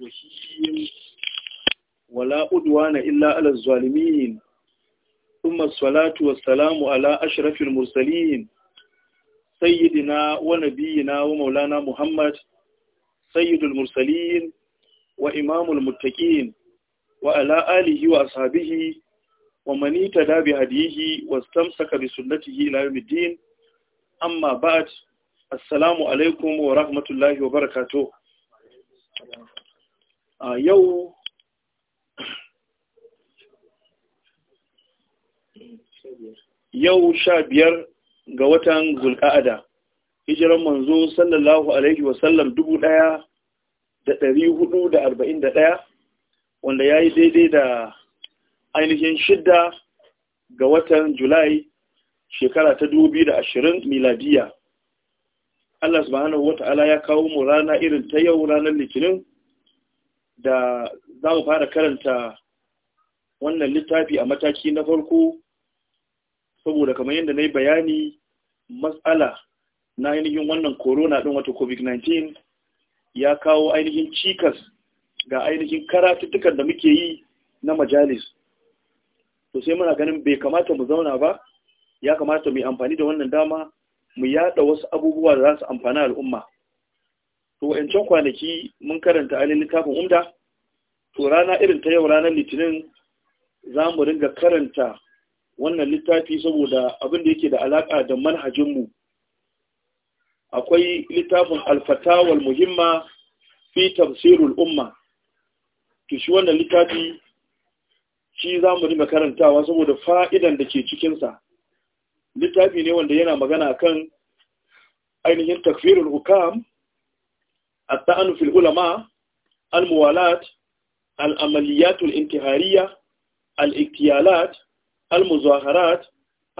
wahim wala na illa ala zalimin thumma salatu wassalamu ala ashrafil mursalin sayyidina wa nabiyyina wa maulana muhammad sayyidul mursalin wa imamul muttaqin wa ala alihi wa ashabihi wa manita ittaba bi hadihi wastamsaka bi sunnatihi ila amma ba'ad assalamu alaikum wa rahmatullahi wa barakatuh a yau yau sha biyar ga watan zulka'ada hijiran manzo sallallahu alaihi wasallam dubu daya da dari hudu da arba'in da daya wanda ya yi daidai da ainihin shidda ga watan julai shekara ta dubu biyu da ashirin miladiya Allah subhanahu wa ta'ala ya kawo mu rana irin ta yau ranar litinin da za mu fara karanta wannan littafi a mataki na farko saboda kamar yadda na yi bayani matsala na ainihin wannan corona din wato covid-19 ya kawo ainihin cikas ga ainihin karatuttukan da muke yi na majalis to sai muna ganin bai kamata mu zauna ba ya kamata mu yi amfani da wannan dama mu yada wasu abubuwa da za su amfani al'umma to wa'ancan kwanaki mun karanta ainihin littafin umda to rana irin ta yau ranar litinin za mu ringa karanta wannan littafi saboda abin da yake da alaƙa da manhajinmu akwai littafin alfatawal muhimma fi tafsirul umma to shi wannan littafi shi za mu ringa karantawa saboda fa'idan da ke cikinsa littafi ne wanda yana magana kan ainihin takfirul hukam a ta'anufil ulama al-muwalat al'amaliyatul الانتهارية الاكتيالات al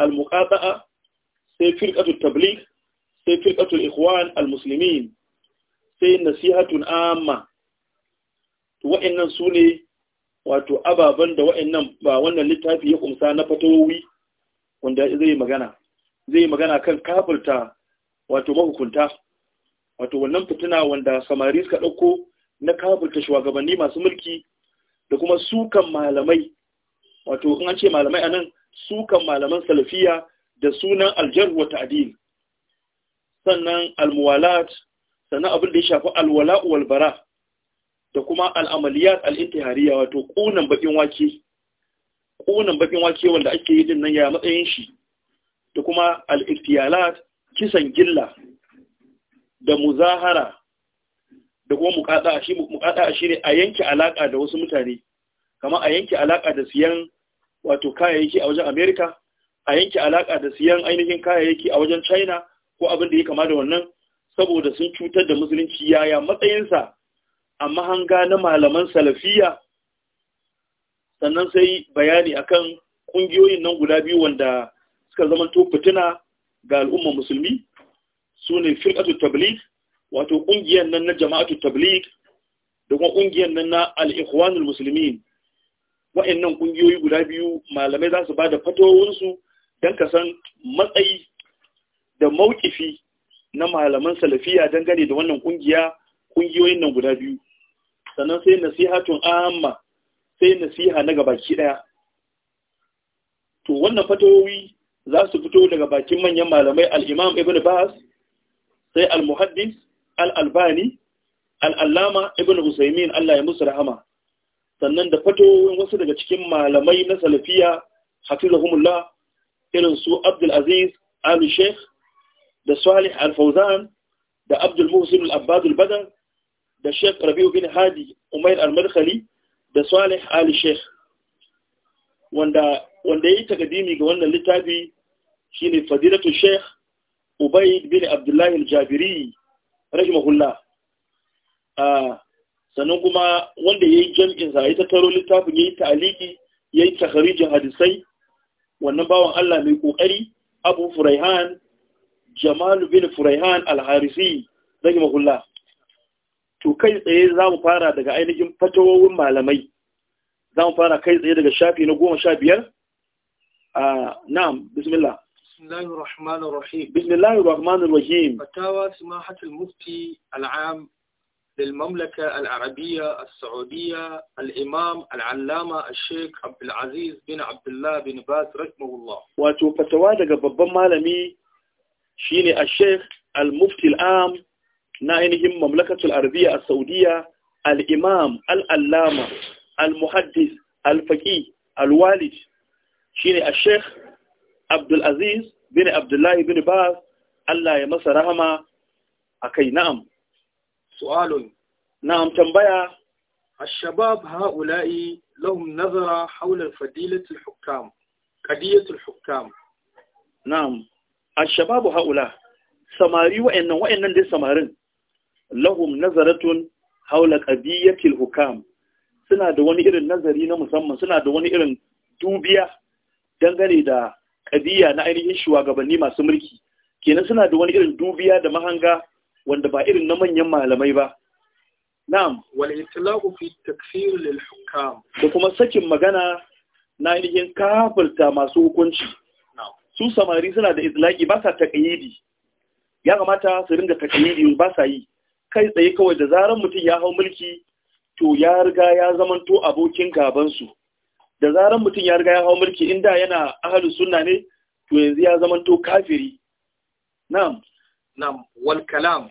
المقاطعة al فرقة sai سي فرقة sai المسلمين ikhwan al-muslimin sai سولي amma to sune wato ababan da wa'annan ba wannan littafi ya kumsa na fatawowi wanda zai magana zai magana kan kafirta wato mahukunta wato wannan fitina wanda samari suka ɗauko na kafirta shugabanni masu mulki da kuma sukan malamai wato kun ce malamai anan sukan malaman salafiya da sunan aljar wa ta'dil sannan almuwalat sannan abin da ya shafi alwala wal bara da kuma al'amaliyat al'intihariya wato ƙunan baƙin wake ƙunan bakin wake wanda ake yi din nan ya matsayin shi da kuma al'iftiyalat kisan gilla da muzahara da kuma muƙaɗa shi shi ne a yanke alaƙa da wasu mutane kamar a yanke alaƙa da siyan wato kayayyaki a wajen Amerika a yanke alaƙa da siyan ainihin kayayyaki a wajen China ko abin da ya kama da wannan saboda sun cutar da musulunci yaya matsayinsa a mahanga na malaman salafiya sannan sai bayani akan ƙungiyoyin nan guda biyu wanda suka zama to fitina ga al'umma musulmi sune ne firƙatu tabligh wato ƙungiyar nan na jama'atu tablik da kuma ƙungiyar nan na al’ikwanul musulmi muslimin ƙungiyoyi guda biyu malamai za su ba da fatowarsu don ka san matsayi da mawkifi na malaman salafiya dangane da wannan ƙungiya ƙungiyoyin nan guda biyu sannan sai nasihatun amma sai nasiha na gabaki ɗaya. to wannan fatowi za su fito daga bakin manyan malamai al-imam ibn bas sai al-muhaddis al-albani al ibn usaimin Allah ya musu rahama sannan da fatoyin wasu daga cikin malamai na salafiya hafizahumullah irin su abdul aziz al sheikh da salih al-fauzan da abdul muhsin al-abbad al-badr da sheikh rabi'u bin hadi umair al-madkhali da salih al sheikh wanda wanda yayi takadimi ga wannan littafi shine fadilatu sheikh ubayd bin abdullah al-jabiri rahimahullah sannan kuma wanda ya yi jam'insa ya tattaro littafin ya yi ta'aliki ya yi takharijin hadisai wannan bawan Allah mai ƙoƙari abu furaihan jamalu bin furaihan alharisi zagi mahulla to kai tsaye za mu fara daga ainihin fatawowin malamai za mu fara kai tsaye daga shafi na goma sha biyar a na'am bismillah بسم الله الرحمن الرحيم بسم الله الرحمن الرحيم فتاوى سماحة المفتي العام للمملكة العربية السعودية الإمام العلامة الشيخ عبد العزيز بن عبد الله بن باز رحمه الله واتو فتاوى دقى ببن مالمي شيني الشيخ المفتي العام نائنهم مملكة العربية السعودية الإمام العلامة المحدث الفقيه الوالد شيني الشيخ Abdulaziz bin Abdullahi bin Baz Allah ya masa rahama a kai na'am. Su'alun. Na'am tambaya. الشباب هؤلاء لهم samari wayannan wayannan dai samarin lahum nazaratun hukam suna da wani irin nazari na musamman suna da wani irin dubiya dangane da kadiya na ainihin shugabanni masu mulki kenan suna da wani irin dubiya da mahanga wanda ba irin na manyan malamai ba na'am wal itlaqu fi takfir lil hukam da kuma sakin magana na ainihin kafirta masu hukunci su samari suna da itlaqi ba sa takayidi ya kamata su ringa takayidi ba sa yi kai tsaye kawai da zaran mutum ya hau mulki to ya riga ya zamanto abokin gaban su da zarar mutum ya riga ya hau mulki inda yana ahalu sunna ne to yanzu ya zama to kafiri na'am na'am wal kalam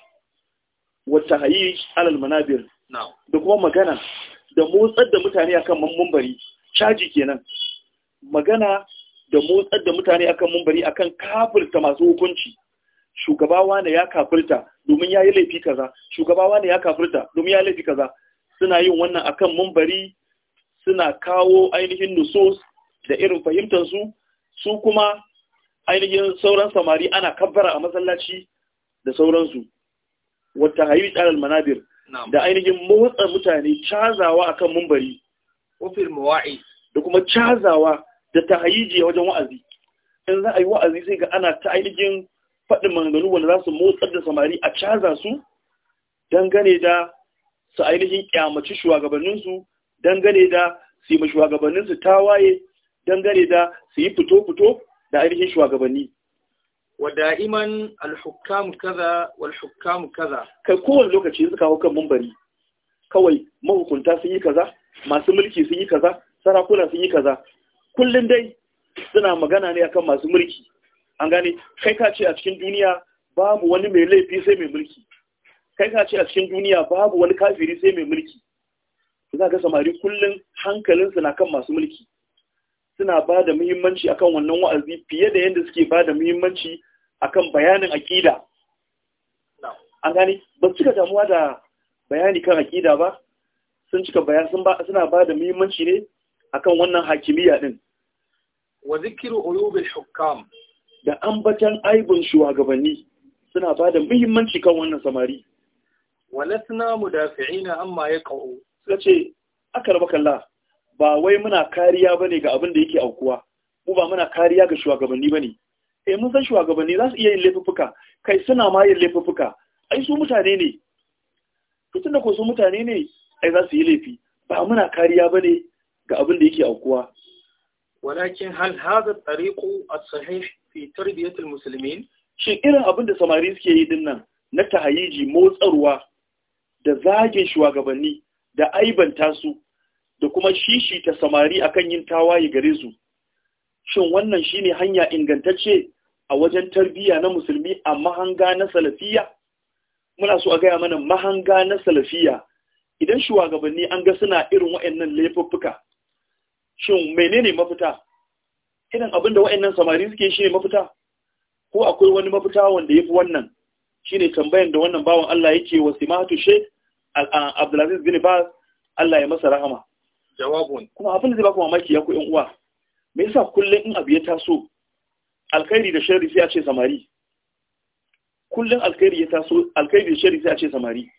wa ala alal manabir na'am da kuma magana da motsar da mutane akan mumbari caji kenan magana da motsar da mutane akan mumbari akan kafirta masu hukunci shugaba wane ya kafirta domin ya yi laifi kaza shugaba wane ya kafirta domin ya laifi kaza suna yin wannan akan mambari suna kawo ainihin nusus da irin fahimtansu su kuma ainihin sauran samari ana kabbara a masallaci da sauransu wata hayi tsarar manabir da ainihin motsa mutane cazawa a kan mumbari da kuma cazawa da tahayiji wajen wa'azi in za a yi wa'azi sai ga ana ta ainihin faɗin manganu wanda za su motsar da samari a caza su dangane da su ainihin ƙyamaci shugabanninsu dangane da su yi shugabannin su tawaye dangane da su yi fito-fito da ainihin shugabanni Wada iman alhukamu kaza walhukamu kaza kai kowane lokaci suka kawo kan mumbari kawai mahukunta sun yi kaza masu mulki sun yi kaza sarakuna sun yi kaza kullum dai suna magana ne akan masu mulki an gane kai ka ce a cikin duniya babu wani mai laifi sai mai mulki kai ka ce a cikin duniya babu wani kafiri sai mai mulki za ga samari kullum hankalinsu na kan masu mulki suna ba da muhimmanci akan wannan wa'azi fiye da yadda suke ba da muhimmanci akan bayanin aƙida an gani, ba su cika damuwa da bayani kan aƙida ba sun cika bayan suna ba da muhimmanci ne akan wannan hakimiyya din wa zikiru uyubil hukam da ambatan aibun shugabanni suna ba da muhimmanci kan wannan samari walasna mudafi'ina amma yaqau suka ce aka raba kalla ba wai muna kariya ba ne ga abin da yake aukuwa mu ba muna kariya ga shugabanni ba ne eh mun san shugabanni za su iya yin laifuffuka kai suna ma yin laifuffuka ai su mutane ne tun da ko su mutane ne ai za su yi laifi ba muna kariya ba ne ga abin da yake aukuwa walakin hal hada tariqu as-sahih fi al muslimin shin irin abin da samari suke yi dinnan na tahayiji motsarwa da zagin shugabanni da aibanta su da kuma shishi ta samari akan yin tawaye gare su shin wannan shine hanya ingantacce a wajen tarbiyya na musulmi a mahanga na salafiya muna so a gaya mana mahanga na salafiya idan shugabanni an ga suna irin wa'annan laifuffuka shin menene mafita irin abin da wa'annan samari suke shine mafita ko akwai wani mafita wanda yafi wannan shine tambayan da wannan bawan Allah yake wa simatu sheikh Ah, Abdulaziz bin Baz Allah ya masa rahama jawabun kuma abin da zai baku mamaki ya ku ƴan uwa me yasa kullum in abu ya taso alkhairi da sharri sai a ce samari kullum alkhairi ya taso alkhairi da sharri sai a ce samari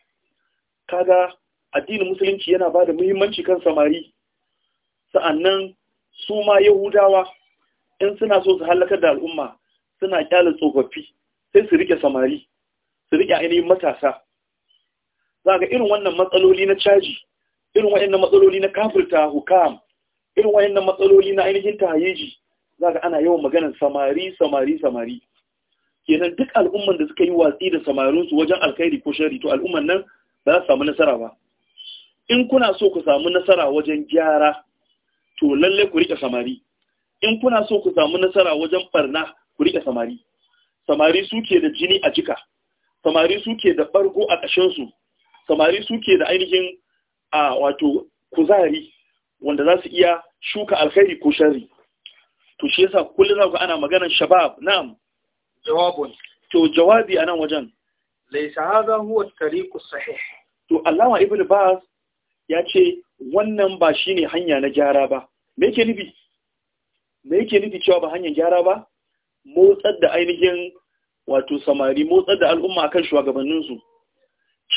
kaga addinin musulunci yana bada muhimmanci kan samari sa'annan su ma yahudawa in suna so su halakar da al'umma suna kyale tsofaffi sai su rike samari su rike ainihin matasa za ga irin wannan matsaloli na caji irin wayannan matsaloli na kafirta hukam irin wayannan matsaloli na ainihin tahayiji za ana yawan maganar samari samari samari kenan duk al'umman da suka yi watsi da samarinsu wajen alkhairi ko shari to al'umman nan ba za su samu nasara ba in kuna so ku samu nasara wajen gyara to lalle ku rike samari in kuna so ku samu nasara wajen barna ku rike samari samari suke da jini a jika samari suke da bargo a ƙashinsu samari suke da ainihin a wato kuzari wanda za su iya shuka alkhairi ko shari to shi yasa kullum za ku ana maganar shabab na'am jawabun to jawabi a nan wajen laisa hadha huwa tariqu sahih to Allama ibnu Baz ya ce wannan ba shine hanya na gyara ba me yake nufi me yake nufi cewa ba hanyar gyara ba motsar da ainihin wato samari motsar da al'umma akan shugabanninsu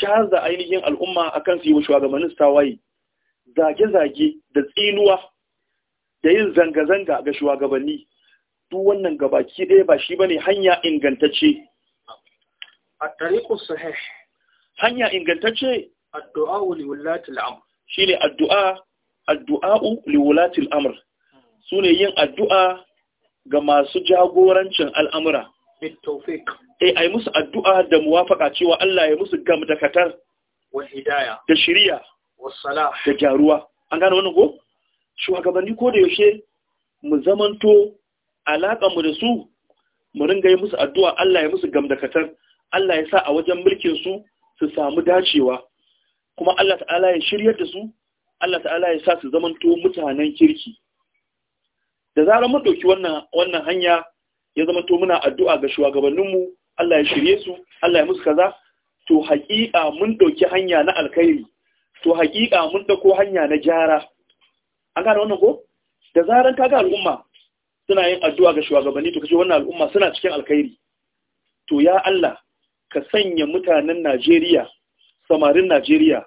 shaza ainihin al'umma akan su yi wa shugabannin tawaye zage-zage da tsinuwa da yin zanga-zanga ga shugabanni duk wannan gabaki ɗaya ba shi bane hanya ingantacce a tariqu sahih hanya ingantacce addu'a li amur shi ne addu'a addu'a li wulati su ne yin addu'a ga masu jagorancin al'amura E, eh musu addu'a da muwafaka cewa Allah ya musu gamdakatar wa hidaya da shiriya wa salah da gyaruwa an gane wannan ko shugabanni ko da yaushe mu zamanto alaka mu da su mu ringa yi musu addu'a Allah ya musu gamdakatar Allah ya sa a wajen mulkin su su samu dacewa kuma Allah ta'ala ya shiryar da su Allah ta'ala ya sa su zamanto mutanen kirki da zarar mun ɗauki wannan hanya ya zama to muna addu'a ga shugabanninmu Allah ya shirye su Allah ya musu kaza to haƙiƙa mun ɗauki hanya na alkhairi to haƙiƙa mun ɗauko hanya na gyara an gane wannan ko da zaran kaga al'umma suna yin addu'a ga shugabanni to kace wannan al'umma suna cikin alkhairi to ya Allah ka sanya mutanen Najeriya samarin Najeriya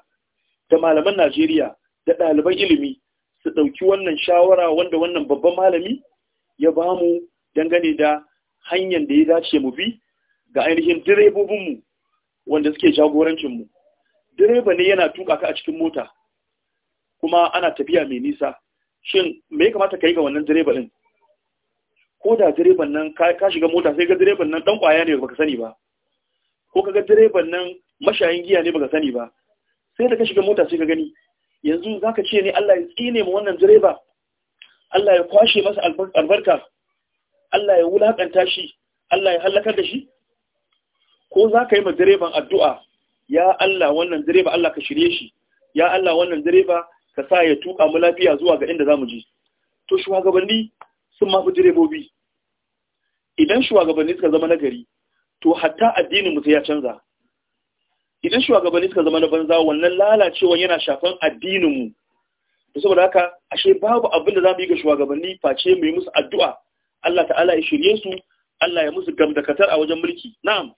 da malaman Najeriya da ɗaliban ilimi su ɗauki wannan shawara wanda wannan babban malami ya ba mu dangane da hanyar da ya dace mu bi ga ainihin direbobinmu wanda suke jagorancinmu direba ne yana tuka ka a cikin mota kuma ana tafiya mai nisa shin me ya kamata ka yi ga wannan direba ɗin ko da direban nan ka shiga mota sai ga direban nan ɗan ƙwaya ne baka sani ba ko ka ga direban nan mashayin giya ne baka sani ba sai da ka shiga mota sai ka gani yanzu za ka ce ne Allah ya tsine ma wannan direba Allah ya kwashe masa albarka Allah ya wulakanta shi Allah ya hallakar da shi ko za ka yi ma direban addu'a ya Allah wannan direba Allah ka shirye shi ya Allah wannan direba ka sa ya tuka mu lafiya zuwa ga inda zamu je to shugabanni sun mafi direbobi idan shugabanni suka zama nagari to hatta addinin mu sai ya canza idan shugabanni suka zama na banza wannan lalacewa yana shafan addinin mu saboda haka ashe babu abin da mu yi ga shugabanni face mu yi musu addu'a Allah ta'ala ya shirye su Allah ya musu gamdakatar a wajen mulki na'am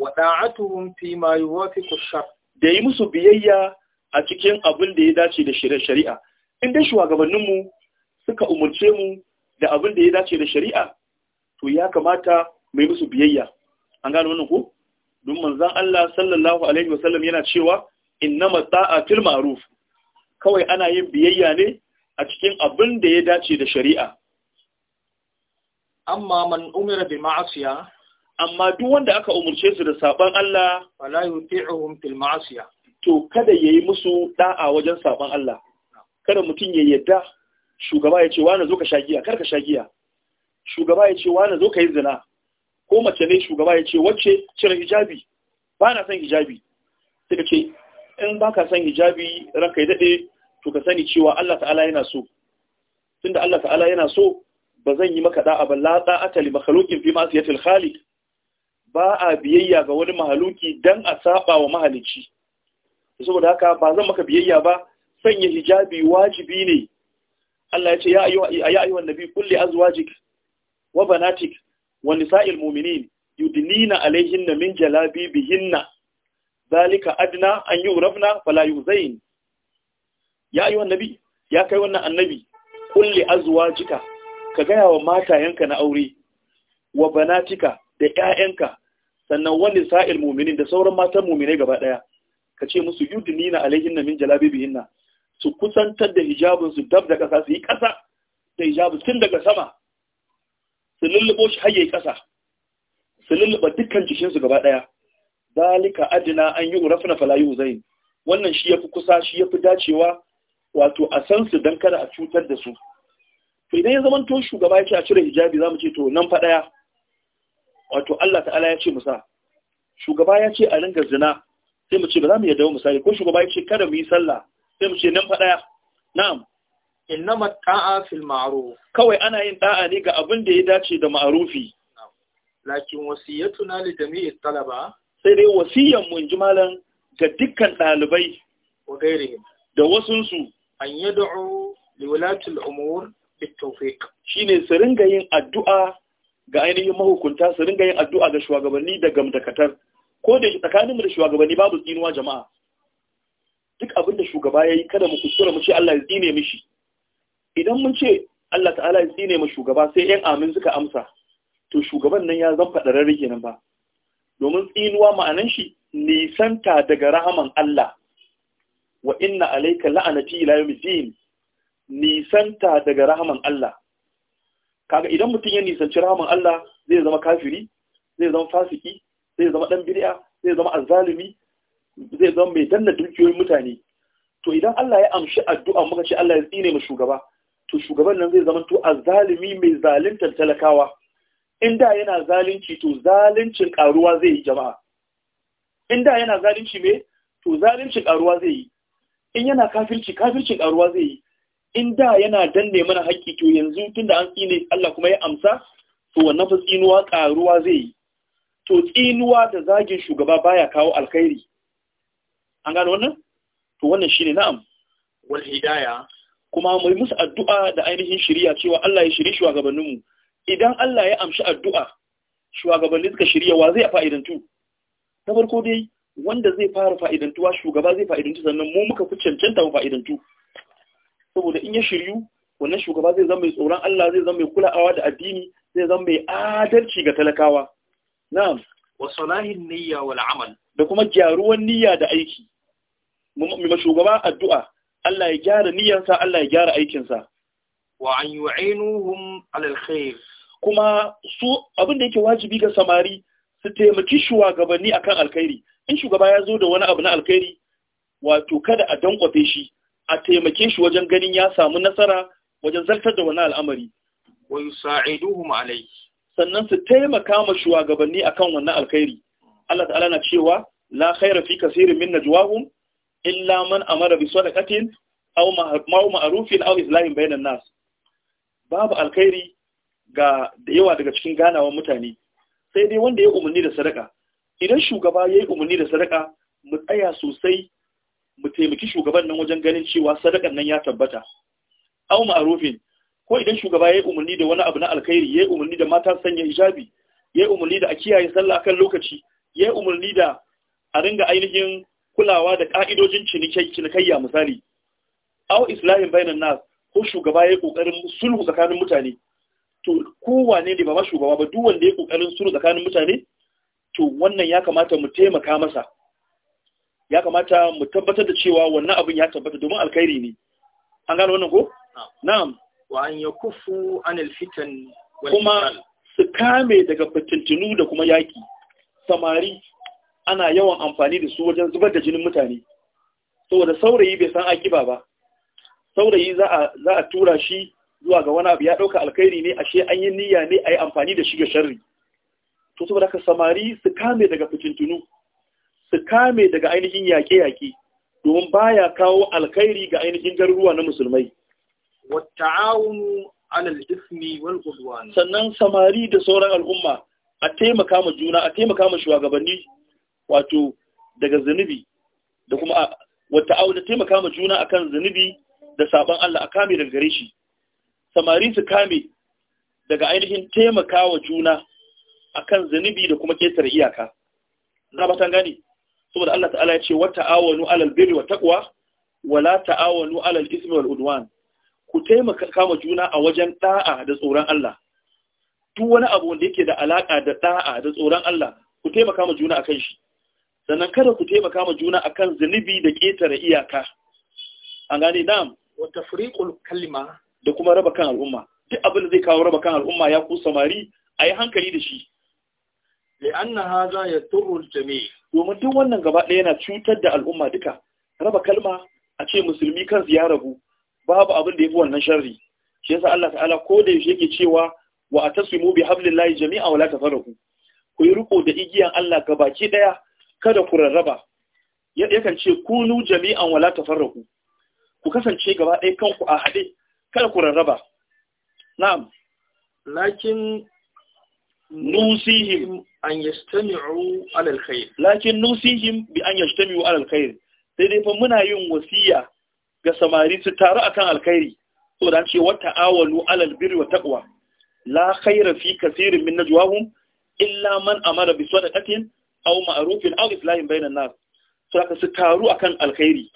wa da'atuhum fi ma yuwafiqu shar da yi musu biyayya a cikin abin da ya dace da shari'a in dai shugabannin mu suka umurce mu da abin da ya dace da shari'a to ya kamata mu yi musu biyayya an gano wannan ko don manzon Allah sallallahu alaihi wasallam yana cewa Inna innama ta'atul ma'ruf kawai ana yin biyayya ne a cikin abin da ya dace da shari'a amma man umira bi ma'asiya amma duk wanda aka umurce su da saban Allah wala yuti'uhum fil ma'asiya to kada yayi musu da'a wajen saban Allah kada mutum ya yadda shugaba ya ce wani zo ka shagiya kar ka shagiya shugaba ya ce wani zo ka yi zina ko mace ne shugaba ya ce wacce cire hijabi ba na son hijabi sai ka ce in ba ka son hijabi ranka ya dade, to ka sani cewa Allah ta'ala yana so tunda Allah ta'ala yana so ba zan yi maka da'a ba la a li makhluqin fi ma'siyatil khaliq ba a biyayya ga wani mahaluki dan a saba wa mahalici saboda haka ba zan maka biyayya ba sanya hijabi wajibi ne Allah ya ce ya ayyuha annabi qul li azwajik wa banatik wa nisa'il mu'minin yudnina alayhinna min jalabibihinna zalika adna an yurafna fala yuzain ya ayyuha annabi ya kai wannan annabi qul li azwajika ka gaya wa matayenka na aure wa banatika da ƴaƴanka sannan wani sa'il muminin da sauran matan muminai gaba ɗaya ka ce musu yudnina alaihinna min jalabibihinna su kusantar da hijabin su dab da ƙasa su yi ƙasa da hijabin tun daga sama su lullubo shi haye ƙasa su lulluba dukkan jikinsu gaba ɗaya zalika adina an yi urafina fala yi zayin. wannan shi yafi kusa shi yafi dacewa wato a san su don kada a cutar da su to idan ya zama to shugaba ya ce a cire hijabi za mu ce to nan fa ɗaya wato Allah ta'ala ya ce musa shugaba ya ce a ringa zina sai mu ce ba za mu yadda misali ko shugaba ya ce kada mu yi sallah sai mu ce nan fa ɗaya na'am innama ta'a fil ma'ruf kawai ana yin da'a ne ga abin da ya dace da ma'rufi lakin wasiyatuna li jami'i talaba sai dai wasiyan mu inji malan ga dukkan dalibai wa gairihim da wasun su an yad'u li wulatul umur bitawfiq shine su ringa yin addu'a ga ainihin mahukunta su ringa yin addu'a ga shugabanni da gamdakatar ko da tsakaninmu da shugabanni babu tsinuwa jama'a duk abin da shugaba yi, kada mu kuskura mu ce Allah ya tsine mishi idan mun ce Allah ta'ala ya tsine mu shugaba sai yan amin suka amsa to shugaban nan ya zan ke kenan ba domin tsinuwa ma'anan shi nisanta daga rahaman Allah wa inna alayka la'anati ila yawmiddin nisanta daga rahaman Allah kaga idan mutum ya nisanci rahaman Allah zai zama kafiri zai zama fasiki zai zama dan bid'a zai zama azzalimi zai zama mai danna dukiyoyin mutane to idan Allah ya amshi addu'a muka ce Allah ya tsine mu shugaba to shugaban nan zai zama to azzalimi mai zaluntar talakawa in da yana zalunci to zaluncin karuwa zai yi jama'a in da yana zalunci me to zaluncin karuwa zai yi in yana kafirci kafircin karuwa zai yi in da yana danne mana haƙƙi to yanzu tunda an tsine Allah kuma ya amsa to wannan fa tsinuwa ƙaruwa zai yi to tsinuwa da zagin shugaba baya kawo alkhairi an gano wannan to wannan shine na'am wal hidaya kuma mu yi musu addu'a da ainihin shiriya cewa Allah ya shiri shugabanninmu idan Allah ya amshi addu'a shugabanni suka shirya wa zai fa'idantu na farko dai wanda zai fara fa'idantuwa shugaba zai fa'idantu sannan mu muka fi cancanta mu fa'idantu saboda in ya shiryu wannan shugaba zai zama mai tsoron Allah zai zama mai kulawa da addini zai zama mai adalci ga talakawa na'am wa salahin niyya wal amal da kuma gyaruwan niyya da aiki mu shugaba addu'a Allah ya gyara niyyarsa Allah ya gyara aikinsa wa an yu'inuhum alal khair kuma su abin da yake wajibi ga samari su taimaki shugabanni akan alkhairi in shugaba ya zo da wani abu na alkhairi wato kada a dankwafe shi a taimake shi wajen ganin ya samu nasara wajen zartar da wani al'amari wa yusa'iduhum alayhi sannan su taimaka ma shugabanni kan wannan alkhairi Allah ta'ala na cewa la khaira fi kaseerin min najwahum illa man amara bi sadaqatin aw ma'rufin au islahin bayanan nas babu alkhairi ga da yawa daga cikin ganawan mutane sai dai wanda ya umarni da sadaka idan shugaba ya yi umarni da sadaka mu tsaya sosai mu taimaki shugaban nan wajen ganin cewa sadakan nan ya tabbata aw ma'rufin ko idan shugaba yayi umarni da wani abu na alkhairi yayi umarni da mata sanya hijabi yayi umarni da a kiyaye sallah akan lokaci yayi umarni da a ringa ainihin kulawa da ka'idojin cinikayya misali aw islahin bainan nas ko shugaba yayi kokarin sulhu tsakanin mutane to kowane ne ba ma shugaba ba duk wanda yayi kokarin sulhu tsakanin mutane to wannan ya kamata mu taimaka masa ya kamata mu tabbatar da cewa wannan abin ya tabbata domin alkhairi ne an gano wannan ko na'am wa an yakufu alfitan wal kuma su kame daga fitintinu da kuma yaki samari ana yawan amfani da su wajen zubar da jinin mutane saboda saurayi bai san akiba ba saurayi za a tura shi zuwa ga wani abu ya ɗauka alkhairi ne ashe an yi niyya ne a yi amfani da shi ga sharri to saboda ka samari su kame daga fitintunu su kame daga ainihin yaƙe-yaƙe domin ba ya kawo alkhairi ga ainihin garuruwa na musulmai wata'awunu alal wani wal udwan sannan samari da sauran al'umma a taimaka ma juna a taimaka ma shugabanni wato daga zunubi da kuma wata wata'awunu taimaka ma juna akan zunubi da sabon Allah a kame daga gare shi samari su kame daga ainihin taimaka wa juna akan zunubi da kuma ketare iyaka na batan gani saboda Allah ta'ala ya ce wata ta'awanu alal birri wa taqwa wala la ta'awanu alal ismi wal udwan ku taimaka kama juna a wajen da'a da tsoron Allah duk wani abu wanda yake da alaka da da'a da tsoron Allah ku taimaka kama juna akan shi sannan kada ku taimaka kama juna akan zunubi da ketare iyaka an gane na'am wa tafriqul kalima da kuma raba kan al'umma duk abin da zai kawo raba kan al'umma ya ku samari ayi hankali da shi li'anna hadha yaturru al-jami' domin duk wannan gaba ɗaya yana cutar da al'umma duka raba kalma a ce musulmi su ya rabu babu abin da ya fi wannan sharri shi yasa Allah ta'ala ko da yaushe yake cewa wa atasimu bi hablillahi jami'a wa la ku yi riko da igiyan Allah ga baki ɗaya kada ku rarraba yakan ce kunu jami'an wa la tafarraqu ku kasance gaba ɗaya kanku a hade kada ku rarraba na'am lakin nusihim an yastami'u alal khair lakin nusihim bi an yastami'u alal khair sai dai fa muna yin wasiya ga samari su taru akan alkhairi so da ce wata awalu alal birri wa taqwa la khaira fi kaseerin min najwahum illa man amara bi sadaqatin aw ma'rufin aw islahin bainan nas so da su taru akan alkhairi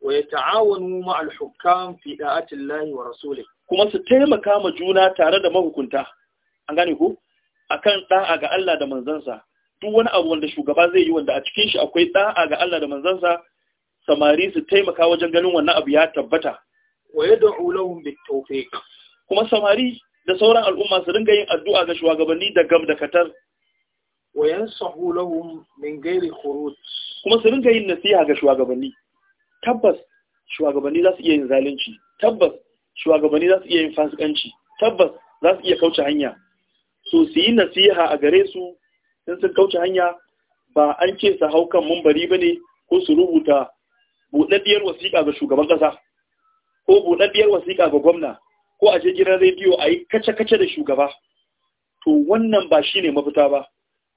wa yata'awanu ma'al hukam fi da'ati Allah wa rasulih kuma su taimaka ma juna tare da mahukunta an gane ku? akan da'a ga Allah da manzansa duk wani abu wanda shugaba zai yi wanda a cikin shi akwai da'a ga Allah da manzansa samari su taimaka wajen ganin wannan abu ya tabbata wa yad'u lahum bit-tawfiq kuma samari da sauran al'umma su dinga yin addu'a ga shugabanni da gam da katar wa yansahu lahum min ghairi khuruj kuma su dinga yin nasiha ga shugabanni tabbas shugabanni za su iya yin zalunci tabbas shugabanni za su iya yin fasikanci tabbas za su iya kauce hanya so su yi nasiha a gare su in sun kauce hanya ba an ce su hau kan mumbari ba ne ko su rubuta buɗaɗɗiyar wasiƙa ga shugaban ƙasa ko buɗaɗɗiyar wasiƙa ga gwamna ko a je gidan rediyo a yi kace-kace da shugaba to wannan ba shi ne mafita ba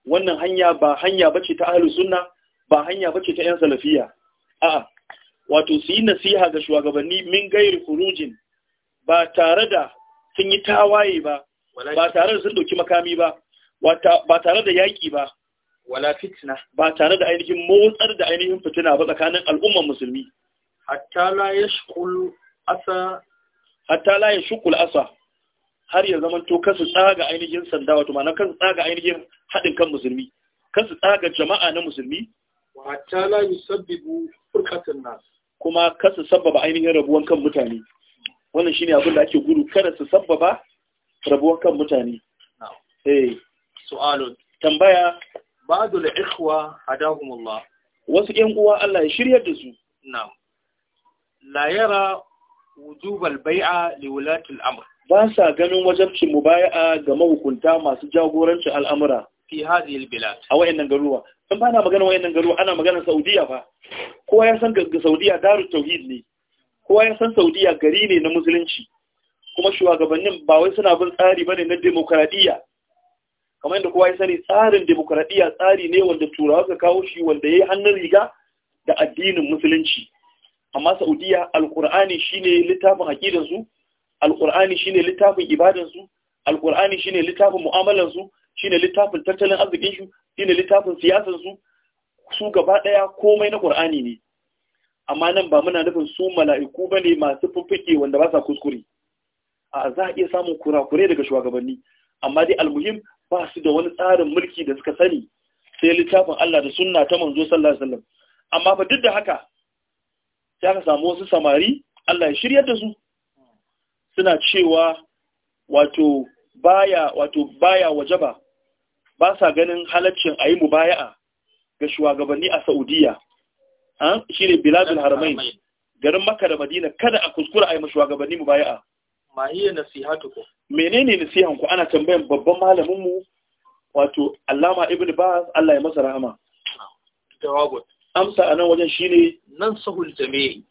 wannan hanya ba hanya ba ce ta ahalus sunna ba hanya ba ce ta 'yan salafiya a'a wato su yi nasiha ga shugabanni min gairi furujin ba tare da sun yi tawaye ba ba tare da sun ɗauki makami ba ba tare da yaƙi ba wala fitna ba tare da ainihin motsar da ainihin fitina ba tsakanin al'umman musulmi hatta la ya asa asa har ya zama to kasu tsaga ainihin sanda wato ma'ana kasu tsaga ainihin haɗin kan musulmi kasu tsaga jama'a na musulmi hatta la yusabbibu furqatan nas kuma kasu sabbaba ainihin rabuwan kan mutane wannan shine abin da ake gudu kada su sabbaba rabuwar kan mutane eh. su'alun tambaya ba'dul ikhwa hadahumullah wasu ƴan uwa Allah ya shirya da su na'am la yara wujubal bai'a li wulati al-amr ba sa ganin wajabcin mubaya'a ga mahukunta masu jagorancin al'amura fi hadhihi al-bilad a wayannan garuwa in ba na magana wayannan garuwa ana magana Saudiya fa kowa ya san ga Saudiya darut tauhid ne kowa ya san Saudiya gari ne na musulunci kuma shugabannin ba wai suna bin tsari bane na demokradiya kamar yadda kowa ya sani tsarin demokradiya tsari ne wanda turawa suka kawo shi wanda yayi hannun riga da addinin musulunci amma saudiya alqur'ani shine littafin aqidar su alqur'ani shine littafin ibadar su alqur'ani shine littafin mu'amalar su shine littafin tattalin arzikin su shine littafin siyasar su su gaba daya komai na qur'ani ne amma nan ba muna nufin su mala'iku bane masu fuffuke wanda ba sa kuskure a za a iya samun kurakurai daga shugabanni amma dai almuhim ba su da wani tsarin mulki da suka sani sai littafin Allah da sunna ta manzo sallallahu alaihi wasallam amma ba duk da haka sai aka samu wasu samari Allah ya shiryar da su suna cewa wato baya wato baya wajaba ba sa ganin halaccin ayi mubaya'a ga shugabanni a Saudiya an shine biladul haramain garin Makka da Madina kada a kuskura ayi shugabanni mubaya'a ma hiya nasihatukum menene nasihan ku ana tambayan babban malamin mu wato Allama Ibn Baz Allah ya masa rahama amsa anan wajen shine nan sahul jami'i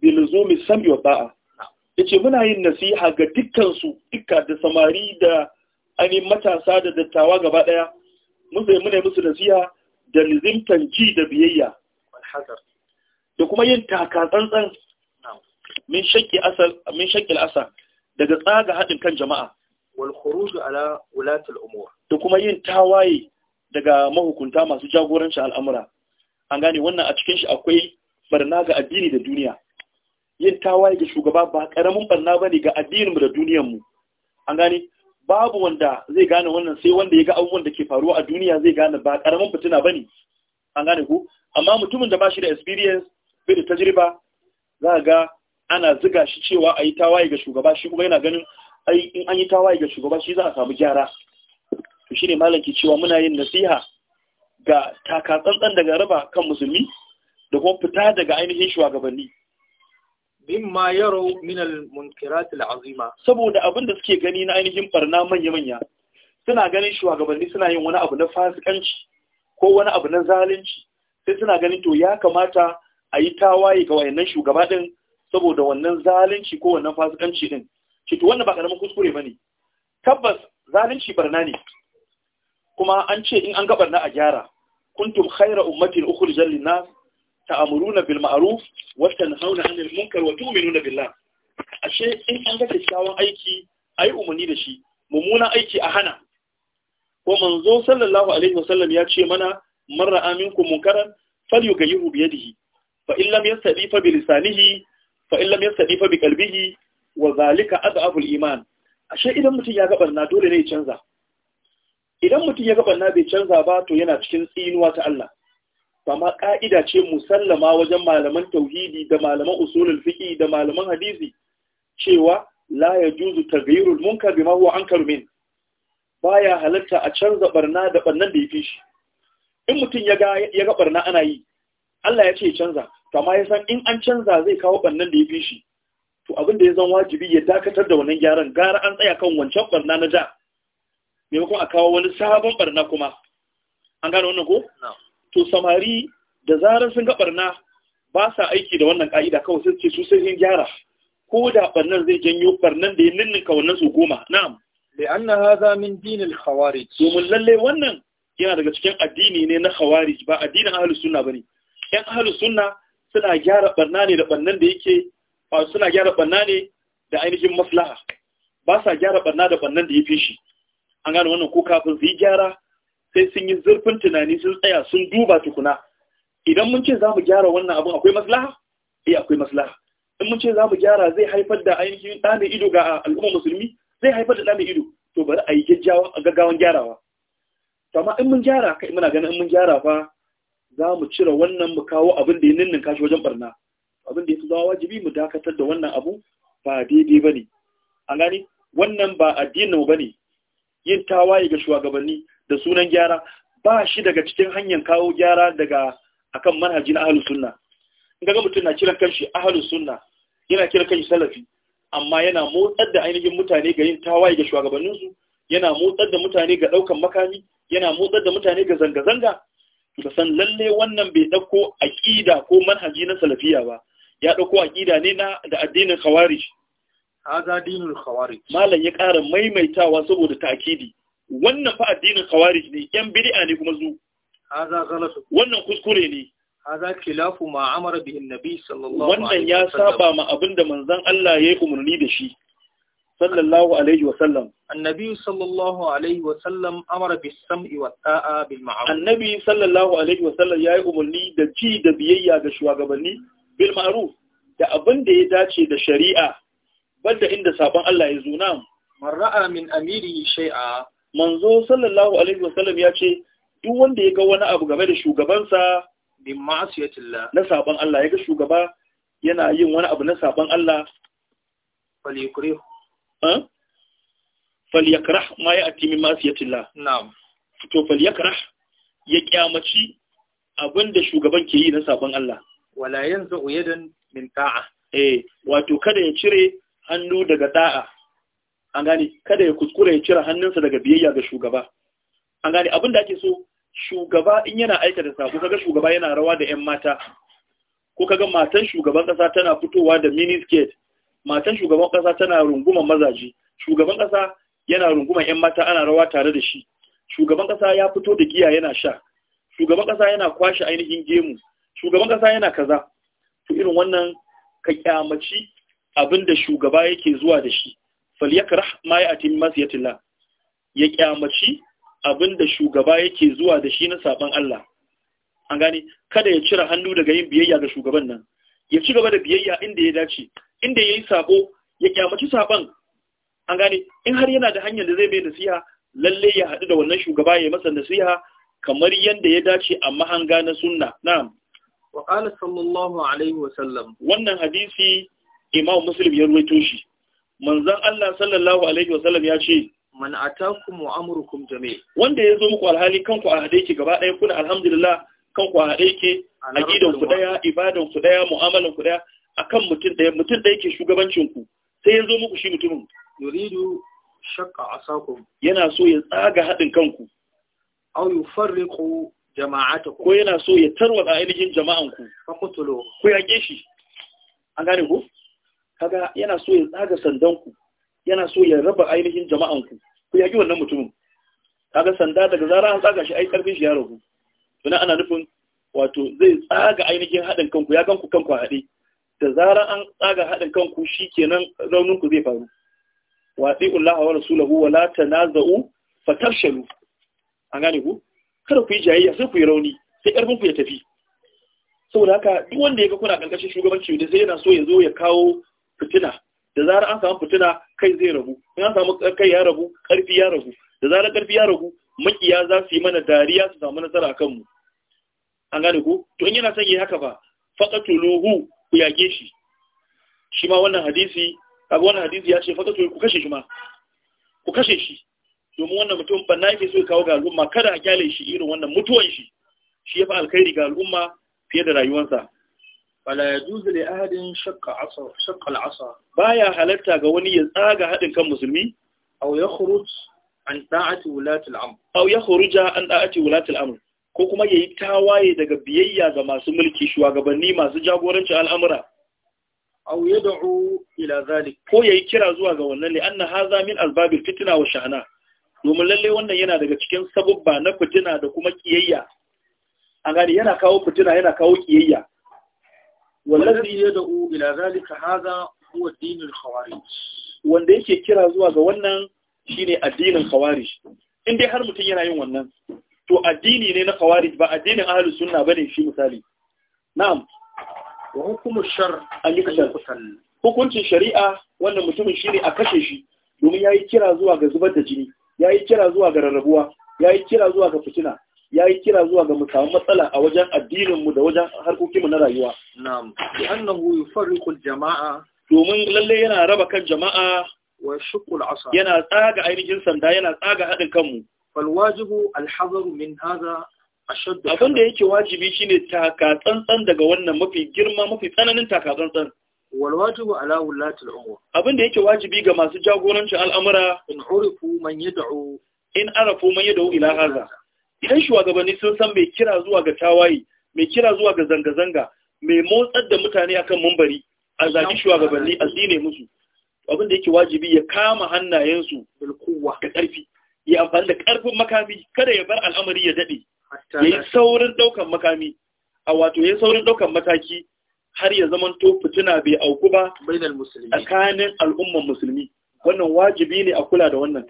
bi luzumi sam'i wa Ya yace muna yin nasiha ga dukkan su dukka da samari da ani matasa da dattawa gaba daya mun sai muna musu nasiha da lizimtan ji da biyayya da kuma yin taka tsantsan min shakki asal min daga tsaga haɗin kan jama'a wal khuruj ala wulatul umur da kuma yin tawaye daga mahukunta masu jagorancin al'amura an gane wannan a cikin shi akwai barna ga addini da duniya yin tawaye ga shugaba ba karamin barna bane ga addininmu da duniyarmu an gane babu wanda zai gane wannan sai wanda ya ga abubuwan da ke faruwa a duniya zai gane ba karamin fitina bane an gane ku amma mutumin da ba shi da experience bai da tajriba za ga ana ziga shi cewa a yi tawaye ga shugaba shi kuma yana ganin in an yi tawaye ga shugaba shi za a samu gyara to shine malam cewa muna yin nasiha ga takatsantsan daga raba kan musulmi da kuma fita daga ainihin shugabanni mimma yaro minal munkirat al'azima saboda abin da suke gani na ainihin barna manya manya suna ganin shugabanni suna yin wani abu na fasikanci ko wani abu na zalunci sai suna ganin to ya kamata a yi tawaye ga wayannan shugaba din saboda wannan zalunci ko wannan fasikanci din shi to wannan ba karamin kuskure bane tabbas zalunci barna ne kuma an ce in an ga barna a gyara kuntum khayra ummatin ukhrijat lin-nas ta'muruna bil ma'ruf wa tanhauna 'anil munkar wa tu'minuna billah ashe in an ga kyakkyawan aiki ayi umarni da shi Mummuna aiki a hana ko manzo sallallahu alaihi wasallam ya ce mana man ra'a minkum munkaran falyughayyihu bi yadihi fa in lam yastati fa bi lisanihi fa in lam yastadi fa bi kalbihi wa zalika adhafu iman ashe idan mutum ya gaban na dole ne ya canza idan mutum ya gaban na bai canza ba to yana cikin tsinuwa ta Allah amma ka'ida ce musallama wajen malaman tauhidi da malaman usulul fiqi da malaman hadisi cewa la yajuzu taghyirul munkar bima huwa ankar min baya halatta a canza barna da bannan da yafi shi in mutum ya ga ya ga barna ana yi Allah ya ce ya canza kama ya san in an canza zai kawo ɓannan da ya fi shi to abin da ya zan wajibi ya dakatar da wannan gyaran gara an tsaya kan wancan ɓarna na ja maimakon a kawo wani sabon ɓarna kuma an gane wannan ko to samari da zarar sun ga ɓarna ba sa aiki da wannan ka'ida kawai sai ce su sai sun gyara ko da barnan zai janyo barnan da ya ninninka wannan su goma na'am na haza min dinin al-khawarij domin lalle wannan yana daga cikin addini ne na khawarij ba addinin ahlus sunna ne. yan ahlus sunna suna gyara barna ne da barnan da yake suna gyara barna ne da ainihin maslaha ba sa gyara barna da barnan da ya fi shi an gane wannan ko kafin su yi gyara sai sun yi zurfin tunani sun tsaya sun duba tukuna idan mun ce za mu gyara wannan abin akwai maslaha eh akwai maslaha in mun ce za mu gyara zai haifar da ainihin ɗa mai ido ga al'ummar musulmi zai haifar da ɗa mai ido to bari a yi gaggawan gyarawa to amma in mun gyara kai muna ganin in mun gyara fa za mu cire wannan mu kawo abin da ya ninnin kashi wajen barna abin da ya fi zama wajibi mu dakatar da wannan abu ba daidai ba ne an gani wannan ba addinin mu ba ne yin tawaye ga shugabanni da sunan gyara ba shi daga cikin hanyar kawo gyara daga akan manhaji na ahlus sunna in ga mutum na kiran kanshi ahlus sunna yana kiran kanshi salafi amma yana motsar da ainihin mutane ga yin tawaye ga shugabanninsu yana motsar da mutane ga daukan makami yana motsar da mutane ga zanga-zanga to ka san lalle wannan bai dauko aqida ko manhaji na salafiya ba ya dauko aqida ne na da addinin khawarij hada dinul khawarij malam ya ƙara maimaitawa saboda ta'kidi wannan fa addinin khawarij ne yan bid'a ne kuma zu hada ghalatu wannan kuskure ne hada khilafu ma amara bihi annabi sallallahu alaihi wasallam wannan ya saba ma abinda manzon Allah ya yi umarni da shi sallallahu alaihi wa sallam annabi sallallahu alaihi wa sallam amara bis sam'i wa ta'a bil ma'ruf annabi sallallahu alaihi wa sallam yayi umarni da ji da biyayya ga shugabanni bil ma'ruf da abin da ya dace da shari'a banda inda sabon Allah ya zo nan man ra'a min amiri shay'a manzo sallallahu alaihi wa sallam ya ce duk wanda ya ga wani abu game da shugabansa bi ma'asiyatillah na sabon Allah ya ga shugaba yana yin wani abu na sabon Allah falikrihu falyakrah ma ya ati min masiyatillah na'am to falyakrah ya kyamaci abinda shugaban ke yi na sabon Allah wala yanzu yadan min ta'a eh wato kada ya cire hannu daga da'a an gane kada ya kuskure ya cire hannunsa daga biyayya ga shugaba an gane abinda ake so shugaba in yana aikata sako kaga shugaba yana rawa da ƴan mata ko kaga matan shugaban kasa tana fitowa da miniskirt matan shugaban ƙasa tana runguman mazaje shugaban ƙasa yana runguman yan mata ana rawa tare da shi shugaban ƙasa ya fito da giya yana sha shugaban ƙasa yana kwashe ainihin gemu shugaban ƙasa yana kaza to irin wannan ka kyamaci abin da shugaba yake zuwa da shi falyakrah ma ya'ti masiyatillah ya kyamaci abin da shugaba yake zuwa da shi na saban Allah an gane kada ya cire hannu daga yin biyayya ga shugaban nan ya ci gaba da biyayya inda ya dace inda ya yi sabo ya kyamaci saban an gane in har yana da hanyar da zai bai nasiha lalle ya haɗu da wannan shugaba ya masa nasiha kamar yadda ya dace a mahanga na sunna na'am wa qala sallallahu alaihi wa sallam wannan hadisi imam muslim ya ruwaito shi manzon Allah sallallahu alaihi wa sallam ya ce man atakum wa amrukum jami' wanda ya zo muku alhali kanku a hade ki gaba ɗaya kuna alhamdulillah kanku a hade ki aqidan ku daya ibadan ku daya mu'amalan ku daya akan mutum ɗaya mutum ɗaya ke shugabancin ku sai ya zo muku shi mutumin yuridu shaqqa asakum yana so ya tsaga haɗin kanku aw yufarriqu jama'atakum ko yana so ya tarwa ainihin jama'an ku faqtulu ku yake shi an gane ku kaga yana so ya tsaga sandan ku yana so ya raba ainihin jama'an ku ku yake wannan mutumin kaga sanda daga zara an tsaga shi ai karfin shi ya ragu to ana nufin wato zai tsaga ainihin haɗin kanku ya ganku kanku a haɗe da zarar an tsaga haɗin kanku shi kenan rauninku zai faru watsi ullaha wa rasulahu wa la tanaza'u tafshalu an gane ku kada ku yi jayayya sai ku yi rauni sai karfin ku ya tafi saboda haka duk wanda yaga kuna karkashin shugabanci da sai yana so ya zo ya kawo fitina da zarar an samu fitina kai zai rabu in an samu kai ya rabu karfi ya rabu da zarar karfi ya rabu makiya za su yi mana dariya su samu nasara a kanmu an gane ku to in yana son yi haka fa faqatuluhu ku shi shi ma wannan hadisi kaga wannan hadisi ya ce faka ku kashe shi ma ku kashe shi domin wannan mutum ban yake so kawo ga al'umma kada a kyale shi irin wannan mutuwan shi shi ya fi alkhairi ga al'umma fiye da rayuwarsa fala yajuzu li ahadin shaqqa asa shaqqa al'asa baya halatta ga wani ya tsaga hadin kan musulmi aw yakhruj an da'ati wulati al'amr aw yakhruja an da'ati wulati al'amr ko kuma ya yi tawaye daga biyayya ga masu mulki shugabanni masu jagorancin al'amura da yad'u ila zalik ko ya yi kira zuwa ga wannan ne, an na haza min albabil fitina wa sha'ana, domin lalle wannan yana daga cikin sabubba na fitina da kuma ƙiyayya. A gani yana kawo fitina yana kawo ƙiyayya. kiyayya da yad'u ila zalika ka haza, din dinin khawarij wanda yake kira zuwa ga wannan ne addinin khawarij in dai har mutum yana yin wannan to addini ne na khawarij ba addinin ahlus sunna bane shi misali na'am wa hukumu shar al hukuncin shari'a wannan mutumin shine a kashe shi domin yayi kira zuwa ga zubar da jini yayi kira zuwa ga rarrabuwa yayi kira zuwa ga fitina yayi kira zuwa ga musamman matsala a wajen addinin mu da wajen harkokin mu na rayuwa na'am bi annahu yufarriqu aljama'a domin lalle yana raba kan jama'a wa shuqqu yana tsaga ainihin sanda yana tsaga hadin kanmu falwajibu alhazaru min haza ashaddu abin da yake wajibi shine taka tsantsan daga wannan mafi girma mafi tsananin taka tsantsan walwajibu ala wulatul umur abin da yake wajibi ga masu jagorancin al'amura in urifu man yad'u in arafu man yad'u ila haza idan shugabanni sun san mai kira zuwa ga tawayi mai kira zuwa ga zanga-zanga mai motsar da mutane akan mumbari a zaki shugabanni a zine musu abin da yake wajibi ya kama hannayensu da ƙarfi ya amfani da ƙarfin makami kada ya bar al'amari ya daɗe ya yi saurin ɗaukan makami a wato ya yi saurin ɗaukan mataki har ya zama to fituna bai auku ba tsakanin al'umman musulmi wannan wajibi ne a kula da wannan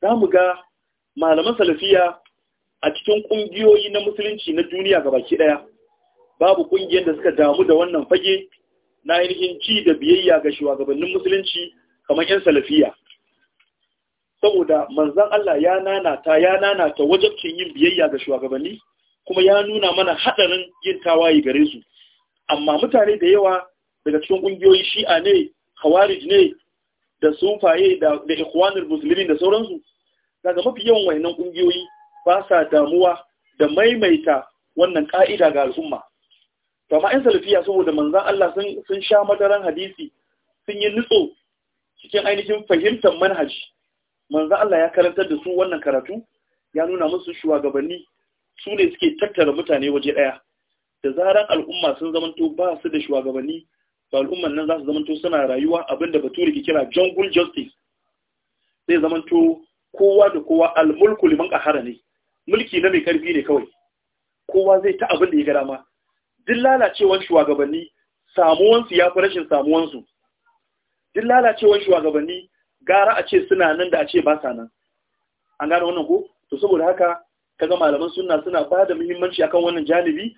za mu ga malaman salafiya a cikin ƙungiyoyi na musulunci na duniya ga baki ɗaya babu ƙungiyar da suka damu da wannan fage na ainihin ci da biyayya ga shugabannin musulunci kamar 'yan salafiya saboda manzan Allah ya nanata ya nana ta wajabcin yin biyayya ga shugabanni kuma ya nuna mana hadarin yin tawaye gare su amma mutane da yawa daga cikin kungiyoyi shi'a ne khawarij ne da sufaye da da ikhwanul muslimin da sauransu daga mafi yawan wayannan kungiyoyi ba sa damuwa da maimaita wannan ka'ida ga al'umma to amma in salafiya saboda manzan Allah sun sun sha madaran hadisi sun yi nutso cikin ainihin fahimtar manhaji manzo Allah ya karantar da su wannan karatu ya nuna musu shugabanni su ne suke tattara mutane waje daya da zaran al'umma sun zamanto ba su da shugabanni Ba al'umman nan za su zamanto suna rayuwa abinda bature ke kira jungle justice zai zamanto kowa da kowa al-mulku liman qahara ne mulki na mai karfi ne kawai kowa zai ta abin da ya ga dama duk lalacewar shugabanni samuwansu ya fi rashin samuwansu duk lalacewar shugabanni gara a ce suna nan da a ce ba sa nan an gane wannan ko to saboda haka kaga malaman sunna suna ba da muhimmanci akan wannan janibi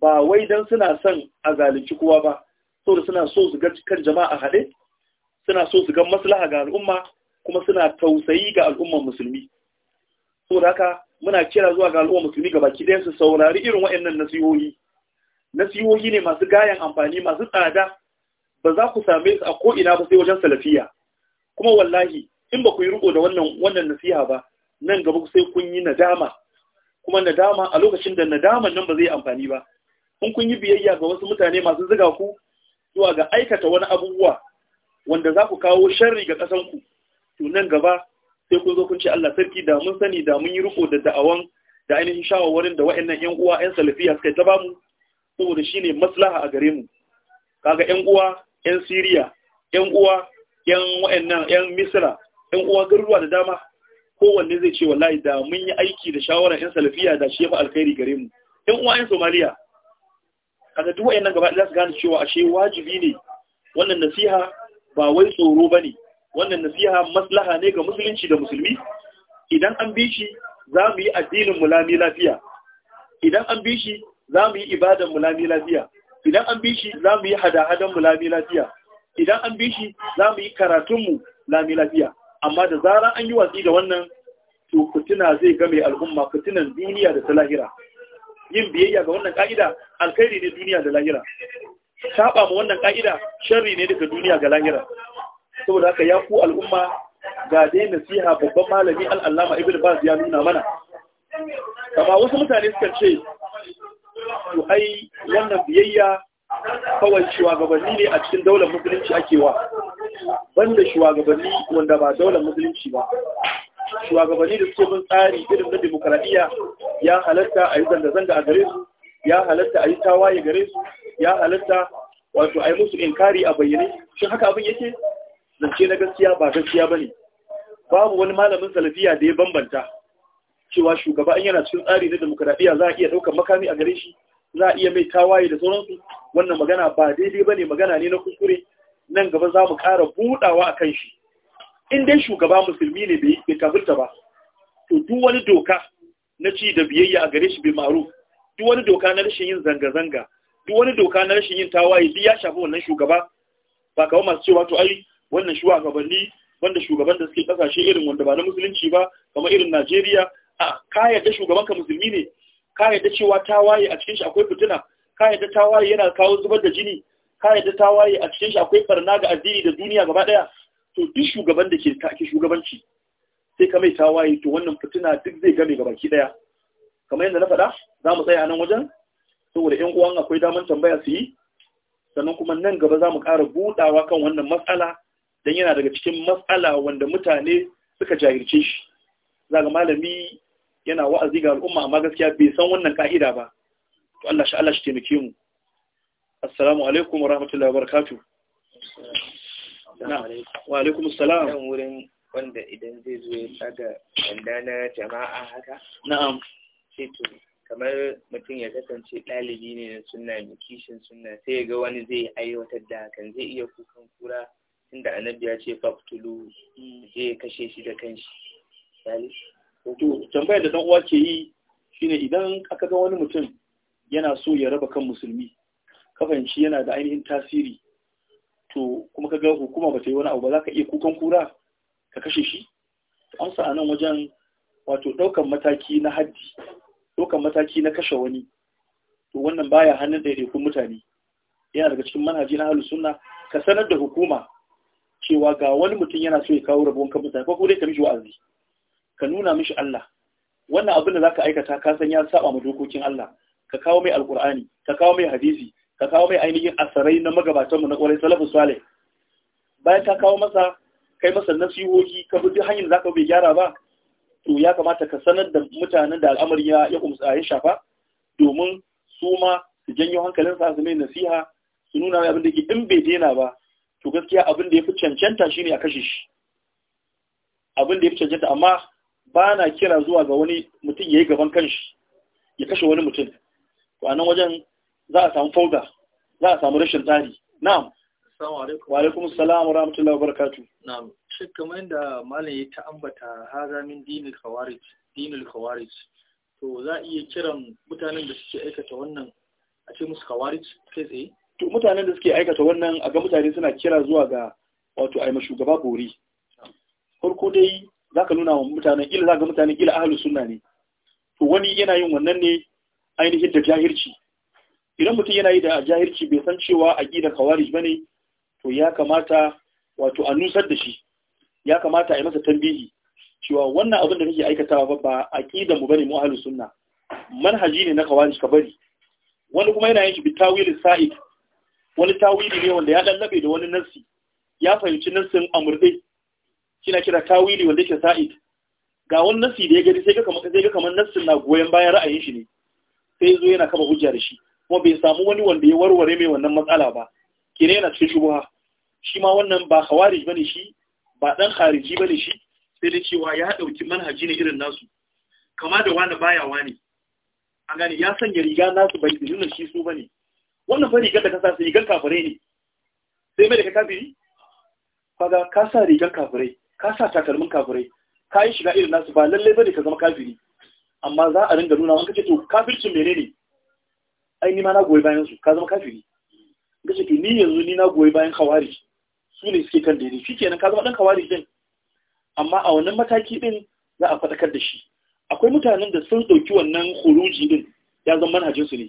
ba wai dan suna son a zalunci kowa ba saboda suna so su ga kan jama'a a haɗe suna so su ga maslaha ga al'umma kuma suna tausayi ga al'umman musulmi saboda haka muna kira zuwa ga al'ummar musulmi ga baki ɗaya su saurari irin waɗannan nasihohi nasihohi ne masu gayan amfani masu tsada ba za ku same su a ko'ina ba sai wajen salafiya kuma wallahi in ba ku yi riko da wannan wannan nasiha ba nan gaba sai kun yi nadama kuma nadama a lokacin da nadaman nan ba zai amfani ba in kun yi biyayya ga wasu mutane masu zuga ku zuwa ga aikata wani abubuwa wanda za ku kawo sharri ga ƙasan ku to nan gaba sai kun zo kun ce Allah sarki da mun sani da mun yi riko da da'awan da ainihin shawarwarin da wa'annan yan uwa yan salafiya suka ta bamu saboda shine maslaha a gare mu kaga yan uwa yan Siriya yan uwa yan wa'annan yan misra yan uwa garuruwa da dama kowanne zai ce wallahi da mun yi aiki da shawarar yan salafiya da shi ya fi alkhairi gare mu yan uwa yan somaliya A ga duk wa'annan gaba za su gane cewa ashe wajibi ne wannan nasiha ba wai tsoro ba ne, wannan nasiha maslaha ne ga musulunci da musulmi idan an bi shi za mu yi addinin mu lafiya idan an bi shi za mu yi ibadan mu lafiya idan an bi shi za mu yi hada-hadan mu lafiya idan an bi shi za mu yi karatunmu lami lafiya amma da zarar an yi watsi da wannan to fitina zai game al'umma fitinan duniya da ta lahira yin biyayya ga wannan ka'ida alkhairi ne duniya da lahira saba mu wannan ka'ida sharri ne daga duniya ga lahira saboda haka ya ku al'umma ga dai nasiha babban malami al'allama ibn baz ya nuna mana amma wasu mutane suka ce to ai wannan biyayya kawai shugabanni ne a cikin daular musulunci ake wa banda shugabanni wanda ba daular musulunci ba shugabanni da suke bin tsari irin na demokradiyya ya halatta a yi zanga-zanga a gare su ya halatta a yi tawaye gare su ya halatta wato a yi musu inkari a bayyane shi haka abin yake zance na gaskiya ba gaskiya ba ne babu wani malamin salafiya da ya bambanta cewa shugaba in yana cikin tsari na demokradiyya za a iya ɗaukar makami a gare shi za a iya mai tawaye da sauransu wannan magana ba daidai ba ne magana ne na kuskure nan gaba za mu ƙara buɗawa a kan shi in dai shugaba musulmi ne bai kafirta ba to duk wani doka na ci da biyayya a gare shi bai maru duk wani doka na rashin yin zanga-zanga duk wani doka na rashin yin tawaye duk ya shafi wannan shugaba ba kawai masu cewa to ai wannan shugabanni wanda shugaban da suke kasashe irin wanda ba na musulunci ba kamar irin Najeriya a ka yarda shugaban ka musulmi ne ka yadda cewa tawaye a cikin shi akwai fitina ka yadda tawaye yana kawo zubar da jini ka yadda tawaye a cikin shi akwai barna ga addini da duniya gaba daya to duk shugaban da ke ke shugabanci sai ka mai tawaye to wannan fitina duk zai game gaba ki daya kamar yadda na faɗa za mu tsaya a nan wajen saboda yan uwan akwai daman tambaya su yi sannan kuma nan gaba za mu ƙara buɗawa kan wannan matsala dan yana daga cikin matsala wanda mutane suka jahirce shi za ga malami yana wa'azi ga al'umma amma gaskiya bai san wannan ka'ida ba to Allah shi Allah shi taimake mu assalamu alaikum wa rahmatullahi wa barakatuh wa alaikum assalam nan wurin wanda idan zai zo ya tsaga dandana na jama'a haka na'am sai to kamar mutum ya kasance ɗalibi ne na sunna mai kishin sunna sai ya ga wani zai aiwatar da hakan zai iya kukan kura inda annabi ya ce faktulu zai kashe shi da kanshi to tambayar da dan uwa ke yi shine idan aka ga wani mutum yana so ya raba kan musulmi kafanci yana da ainihin tasiri to kuma ka ga hukuma ba ta yi wani abu ba za ka iya kukan kura ka kashe shi amsa a nan wajen wato ɗaukan mataki na haddi ɗaukan mataki na kashe wani to wannan baya hannun ɗaiɗaikun mutane yana daga cikin manhaji na halin sunna ka sanar da hukuma cewa ga wani mutum yana so ya kawo rabuwan kan mutane ko dai ka mishi wa'azi ka nuna mishi Allah wannan abin da za ka aikata ka san ya saba mu dokokin Allah ka kawo mai alkur'ani ka kawo mai hadisi ka kawo mai ainihin asarai na mu na kwarai salafu salih bayan ka kawo masa kai masa nasihohi ka bi hanyar da zaka bai gyara ba to ya kamata ka sanar da mutanen da al'amari ya ya kuma ya shafa domin su ma su janyo hankalin sa su mai nasiha su nuna mai abin da ke in bai daina ba to gaskiya abin da ya fi cancanta shine a kashe shi abin da ya fi cancanta amma ba na kira zuwa ga wani mutum ya yi gaban kanshi ya kashe wani mutum to a nan wajen za a samu fauda za a samu rashin tsari na'am wa alaikum salam wa rahmatullahi wa barakatuh na'am shi kamar yadda malam ya ta ambata haza min dinil khawarij dinil khawarij to za a iya kiran mutanen da suke aikata wannan a ce musu khawarij kai tsaye to mutanen da suke aikata wannan a ga mutane suna kira zuwa ga wato ai shugaba bori farko dai za ka nuna wa mutanen ila za ga mutanen ila ahalus sunna ne to wani yana yin wannan ne ainihin da jahirci idan mutum yana yi da jahirci bai san cewa aqida khawarij bane to ya kamata wato a nusar da shi ya kamata a yi masa tambihi cewa wannan abin da kake aikatawa ba ba aqida mu bane mu ahlus sunna manhaji ne na khawarij ka bari wani kuma yana yin shi bi tawilin sa'id wani tawili ne wanda ya dallabe da wani nassi ya fahimci nassin amurde Kina kira tawili wanda yake sa'id ga wani nassi da ya gani sai ga kamar nassin na goyon bayan ra'ayin shi ne sai zo yana kama hujja da shi kuma bai samu wani wanda ya warware mai wannan matsala ba kire yana cikin shubuha shi ma wannan ba khawarij bane shi ba dan khariji bane shi sai da cewa ya dauki manhaji ne irin nasu kama da wani baya wani an gane ya sanya riga nasu bai nuna shi su bane wannan fa rigar da ka sa rigar kafirai ne sai mai da ka kafiri kaga ka sa rigar kafirai ka sa takalmin kafirai ka yi shiga irin nasu ba lallai bane ka zama kafiri amma za a ringa nuna wanka ce to kafircin menene ai ni ma na goyi bayan su ka zama kafiri ga ce to ni yanzu ni na goyi bayan kawari su ne suke kan daidai shi kenan ka zama dan kawari din amma a wannan mataki din za a faɗakar da shi akwai mutanen da sun ɗauki wannan khuruji din ya zama manhajin su ne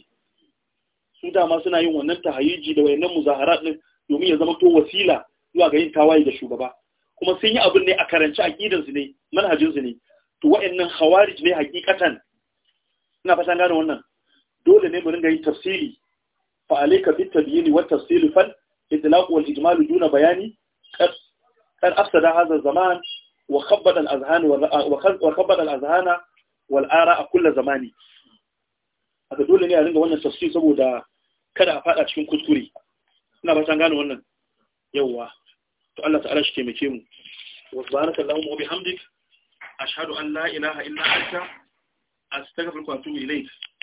su dama suna yin wannan tahayiji da wayannan muzahara din domin ya zama to wasila zuwa ga yin tawaye da shugaba kuma sun yi abin ne a karanci aqidansu ne manhajinsu ne to wa'annan hawarij ne hakikatan ina fatan gane wannan dole ne mu ringa yin tafsiri fa alayka bit tabyin wa tafsil fal idlaq wal ijmal duna bayani qad qad afsada hadha zaman wa khabbada al azhan wa khabbada al azhana wal ara'a kull zamani haka dole ne a ringa wannan tafsiri saboda kada a fada cikin kuskure ina fatan gane wannan yawwa to Allah ta'ala shi taimake mu wa subhanaka allahumma wa bihamdik ashhadu an la ilaha illa anta astaghfiruka wa atubu ilayk